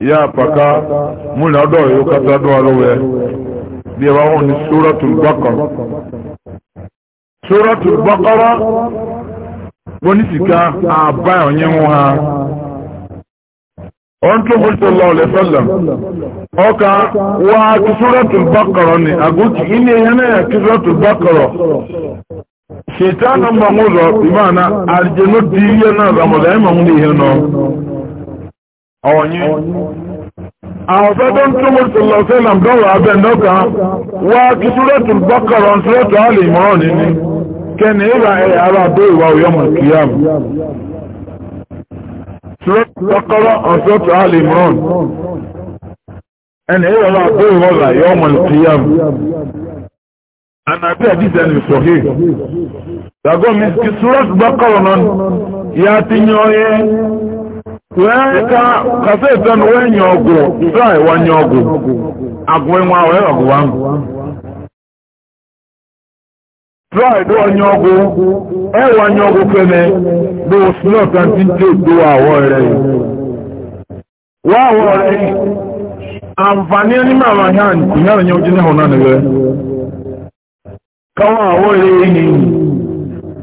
ya paka muna do yo kata do alowe bi wa on suratul baqara suratul baqara woni sika aba onye ha on to mu sallallahu alaihi wasallam oka wa suratul baqara ni aguti ine yana ya suratul baqara imana aljinu diyana ni ọ̀wọ̀nyí àwọn ọ̀fẹ́dọ́ tó mú sọ̀lọ̀ sẹ́làm dọ́rọ̀ abẹ́ndọ́ka wá kí súrẹ́tù bọ́kọ̀rọ̀ súrẹ́tù alì mọ́rán nínú kẹni ìrà ẹ̀yà ara àbẹ́ ìwà òyọmọ̀ kìíyàm súrẹ́tù bọ́kọ̀rọ̀ súrẹ́tù alì mọ́rán ẹni ìrà ara àbẹ́ ìwà òyọmọ̀ kìíyàm ànàbí àdìsẹ́ ni sọ̀hí dàgọ́ mi kí súrẹ́tù bọ́kọ̀rọ̀ náà yá ti yan ẹ́ wee ka kasetan wee nye ọgwụ trai e wa nye ọgwụ agwụ nwa wee ọgwụwa trai dị onye ọgwụ ewe onye ọgwụ kene bụ slot anti ntị wa awọ rẹ wa awọ rẹ àǹfààní ẹni máa ma hàn ìyá ònyẹ́ ojú na náà nìyẹn káwọn àwọ̀ rẹ yìí nìyí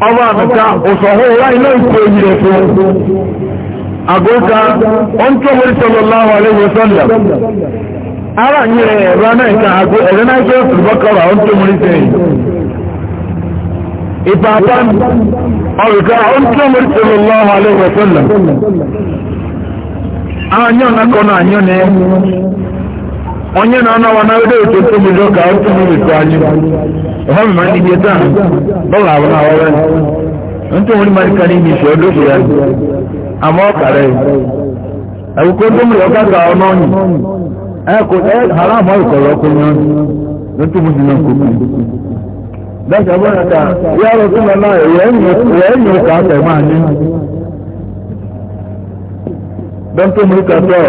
ọba àtàkà òṣòhó wá iná ìkú èyí rẹ̀ fún àgókà ọ̀ntọ́mọ̀rí sọlọ́láwà aléwọ̀ sọ́lá ara ń yẹ ẹ̀rọ anáìka àgó ẹ̀rọ anáìka ìfúrúbọ́kọ̀rọ̀ ọ̀ntọ́mọ̀rí sẹ́yìn ìpàtàn ọ̀rùkà ọ̀ntọ́mọ̀rí sọlọ́láwà aléwọ̀ sọ́lá àyànnà kọ́nà àyànnà onye na-anọ wa na odo otu otu mụjọ ka otu mụjọ anyị ọha mma ndị ihe taa dọla abụ na ọrụ ntụ nwere mmadụ ka n'ime isi odo si ya ama ọ kara ya akwụkwọ ndị mụrụ ọka ka ọ n'ọnyị hara ama ọkọrọ ọkụ nye ọnyị ntụ mụjọ na nkuku dọkịta bụrụ ka ya ọrụ tụrụ na ya enyi ụka afọ eme anyị dọkịta mụrụ ka tọọ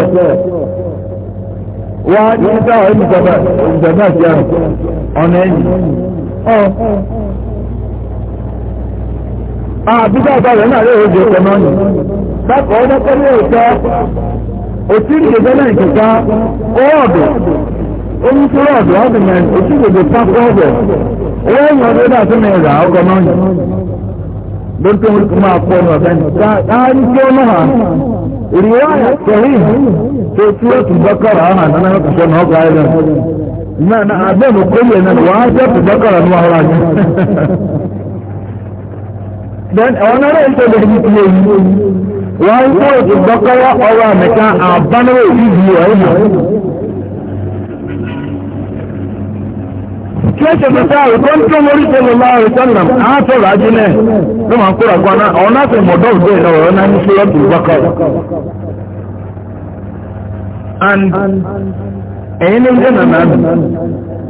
wá ní sáwà ẹni bàbá ìjàmbá àti àrùn ọ̀nà ẹ̀yìn ọ̀ àbúkà àbárẹ̀ náà rẹ̀ oúnjẹ ọ̀pọ̀ náà nì bákan ọdún kọ́lé ọ̀tọ́ òtí ìgbẹ́gbẹ́ náà ìkẹta ọ̀ọ́dọ̀ omi tó ọ̀dọ̀ ọ̀dọ̀ mẹ́rin òtí ìgbẹ́gbẹ́ pápọ̀ ọ̀dọ̀ owó ẹ̀yìn ọdún dà tó mẹ́rin rà ọkọ̀ náà nì lóńtó máa pọ̀ ọ̀nà ọ̀fẹ́ riwaya sahihi to suratu bakara ana ah, nan haka shi na haka ayyana na na abin kullu nan wa ta bakara wa haraji dan a wannan ran ta da yi ne wa suratu bakara awa mata abana wa yi biyu ayyana kíẹ́sì fífẹ́ àrùkọ́ ń tó mórí tó lọ́wọ́ àrùsọ́nà àátọ́rọ̀ ajé náà ló máa ń kóra gan náà ọ̀nà àti mọ̀dọ́ òde ìlà ọ̀rọ̀ náà ní sílẹ̀ tó gbọ́kọ̀. and ẹ̀yin ní ìjẹ́ nàná nù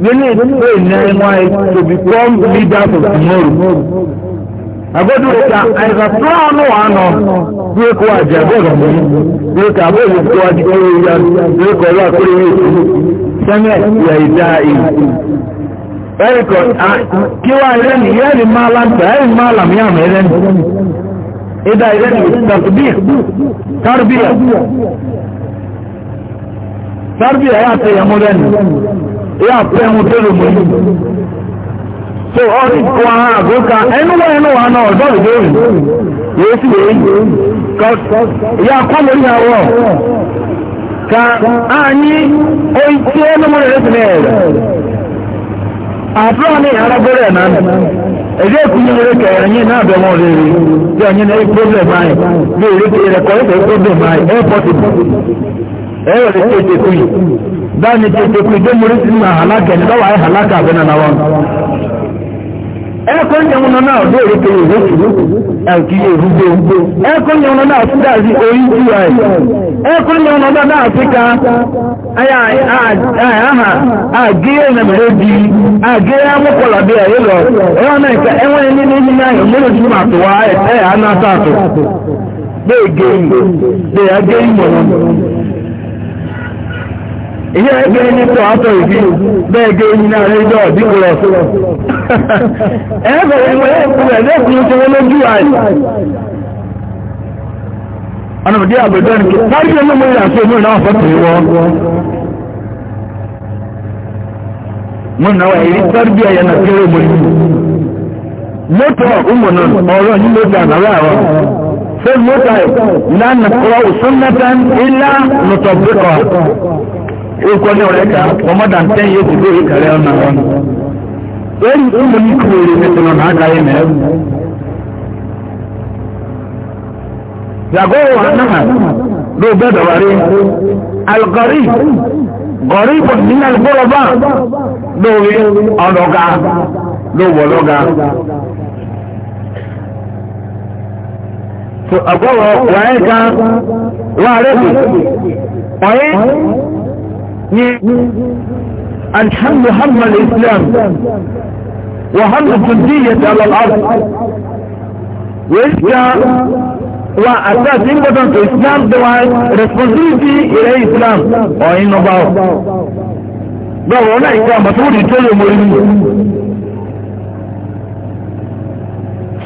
we need pray nine wise to become leaders of tomorrow. Agodo ka àìsàtúrà ọ̀nà wà nọ bí èkó àjẹ́ àbẹ̀rẹ̀ mọ́ bí èkó àbẹ̀rẹ̀ tó àjẹ́ òwe yá bí èkó ọlọ́ àkúrẹ́ yóò tó ẹ̀rì kọ̀ ah, kí wá ìrẹ́ni ìrẹ́ni máa láńtà ẹ̀rì máa làmìyàn ìrẹ́ni ìdá ìrẹ́ni tàbíyà tàbíyà tàbíyà yà tẹ ẹ̀mú rẹ́ni yà tẹ ẹ̀mú tẹ́lẹ̀ mọ́ yìí so ọ̀rì kọ́ ara àgókà ẹnu wọ́n ẹnu wà náà ọ̀dọ́ ìdóòrì yóò sì yé yà kọ́ lórí àwọ̀ ka anyị oyi tí ẹnu rẹ̀ rẹ̀ àtúrọ̀nì alágbẹ́rẹ̀ náà ẹ̀jẹ̀ ìkúnyẹ̀rẹ̀ kẹrìnyìn náà bẹ̀ wọ́n rere bí ọ̀nyẹ́ náà yìí iri ayé bí èrèké ẹ̀kọ́ ẹ̀kọ́ problem ayé ẹ̀ pọ́tìbù ẹ̀rọ rẹ̀ tètè kú yìí dáni tètè kú yìí dé mọ́rí sí ní ní báwa ẹ̀ hàlákà ẹ̀kọ́ ìyẹn wọn náà ọdún èrè kẹyìn ìlú àti èrúgbó ẹ̀kọ́ ìyẹn wọn náà fúdà sí orí ui ẹ̀kọ́ ìyẹn wọn náà náà fíka di amúkọlà bí ẹ̀yẹ lọ ẹ̀wọ̀n náà ẹ̀wọ̀n ẹni ní ní náà ìmúlò tí àná ihe ẹgbẹ́ ní tọ́ àtọ̀ ìbí bẹ́ẹ̀ gẹ́ yìí náà rẹ̀ ìjọ ọ̀dí kúrọ̀ ẹgbẹ̀rẹ̀ ìwọ̀n ẹ̀kùnrin ẹ̀lẹ́kùnrin tí wọ́n lójú àì ọ̀nàmọ̀dé àgbẹ̀dọ́ ní kí láti ẹnu mú ìrìnàṣẹ́ mú ìrìnà ọ̀fọ́ tì wọ́n mú ìrìnà wà èyí tọ́rọ̀bí ẹ̀yẹ nà kéré mú yìí mọ́tọ̀ ọmọnà ọ̀rọ̀ yìí ló dà nàrà àwọn fẹ́ mọ́tà ìlànà kọ́ ekwo ne oreka for more than ten years ago he kare on and on very soon ni kuwere metono na aka ime yago wa naha do bedo wari al qarib qarib min al ghuraba do we onoga do wologa so ago wa eka wa rebi oye ni الحمل هم الإسلام وهم الجندية على الأرض وإذا وأساس إنبطن في إسلام دواء responsibility إلى إسلام وإن باو باو أولئك مسؤول يتولي مريم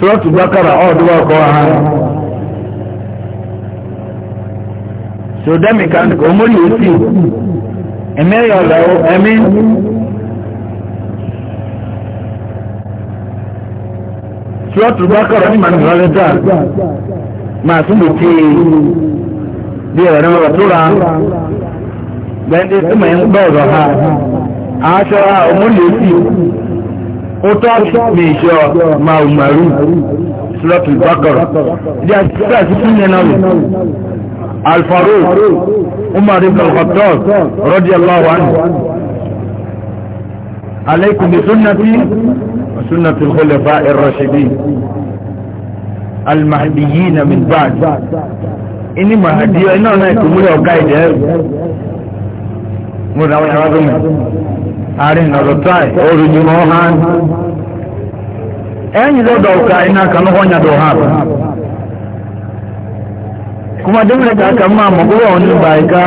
سورة البقرة أو دواء قواها سودامي كانت أمري يسير ẹ̀mí ọ̀lẹ̀ ẹ̀mí tí ó tún bá kọ̀rọ̀ ní màmílá lẹ́tà máa tún lè tí bí ẹ̀rọ ọ̀túnra gbẹ́ndé tí mò ń gbọ́ ọ̀rọ̀ ha aṣọ ha ó tọ́ mi máa màrú tí ó tún bá àti fún الفاروق عمر بن الخطاب رضي الله عنه عليكم بسنتي وسنة الخلفاء الراشدين المهديين من بعد إني مهدي إن أنا كمل وقايد مراوي عظمة أرين نرطاي أولو جمعوهان أين لو دوكا إنا كانوا هون يدوهان kuma duk da aka ma magowa wani bai ka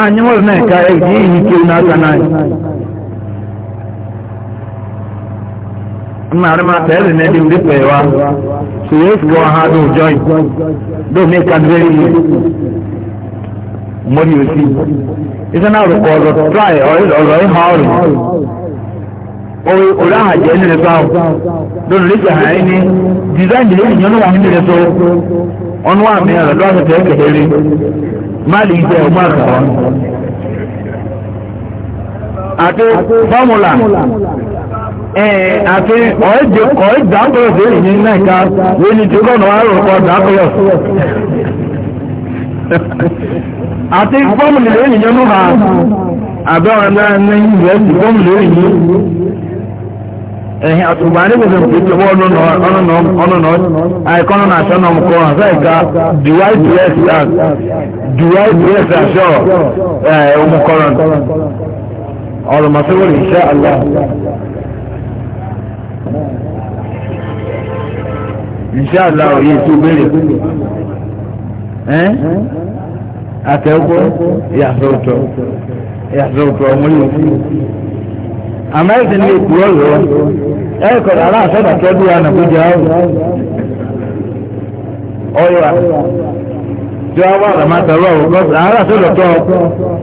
an yi wani ka yi yi ke na sanai ina rima ta yi ne din rufewa su yi su wa ha do joy do me kan very mori osi isa na rukọ ọzọ try ọrọ ọrọ ihe ọrụ orí àhàjẹ́ ní báwọ̀ lónìí lè jà ní náà nínú ọ̀nù àmì ẹ̀rọ lọ́sẹ̀ tẹ́ kẹ̀kẹ́ rí àkàwọ́. àti fọ́mùlà àti sí wọ́n tí gọ́nà wà àti fọ́mùlà náà náà ní ìrẹsì fọ́mùlà ehe ọtụgba ndị nwere nke chebe ọnụ na ọnụ na aikọnụ na achọ nọm kọrọ ha sị ka duwai dress as duwai dress as ọ ụmụ kọrọ ọrụ masị nwere insha allah insha allah oye tí o bèrè akẹ́kọ̀ọ́ yàtọ̀ ọ̀tọ̀ yàtọ̀ ọ̀tọ̀ ọmọ yìí àmọ́ ẹ̀sìn ní ẹ kọ̀dọ̀ aláàfẹ́dà kẹ́bí wa nà kójú àwọn ọ̀yọ́ tí wọ́n wà lọ́mọ àtàwọn ọ̀rọ̀ kọ́sì aláàfẹ́dà tọ́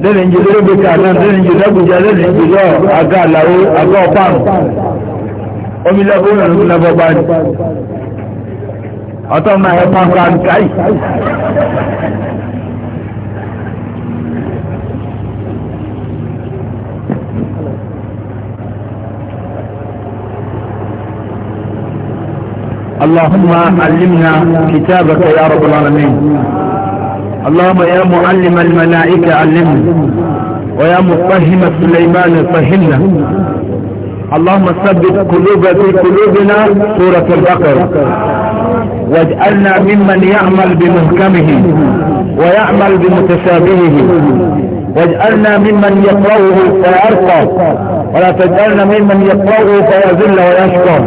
lẹ́nu ìjì lórí ká náà lẹ́nu ìjì lẹ́gbẹ̀jẹ́ lẹ́nu ìjì lọ àga àlàó àga ọ̀páàrùn omi lẹ́gbẹ̀ẹ́ òun ló ń lọ́gbọ́ bá ní náà ẹ̀ pàǹkà ń káyì. اللهم علمنا كتابك يا رب العالمين اللهم يا معلم الملائكة علمنا ويا مفهم سليمان فهمنا اللهم ثبت قلوب في قلوبنا سورة البقرة واجعلنا ممن يعمل بمحكمه ويعمل بمتشابهه واجعلنا ممن يقرأه فيرقى ولا تجعلنا ممن يقرأه فيذل ويشقى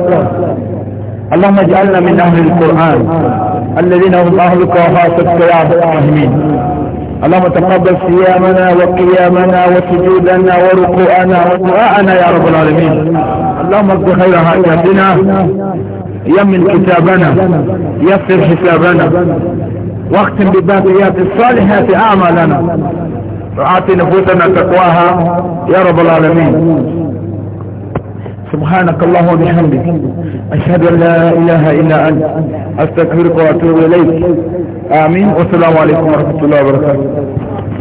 اللهم اجعلنا من أهل القرآن الذين هم أهلك وخاصتك يا رب العالمين اللهم تقبل صيامنا وقيامنا وسجودنا وركوعنا ودعاءنا يا رب العالمين اللهم اقض خير حاجاتنا يمن كتابنا يسر حسابنا واختم بباقيات الصالحات اعمالنا واعطي نفوسنا تقواها يا رب العالمين سبحانك الله وبحمدك أشهد أن لا إله إلا أنت أستغفرك وأتوب إليك آمين والسلام عليكم ورحمة الله وبركاته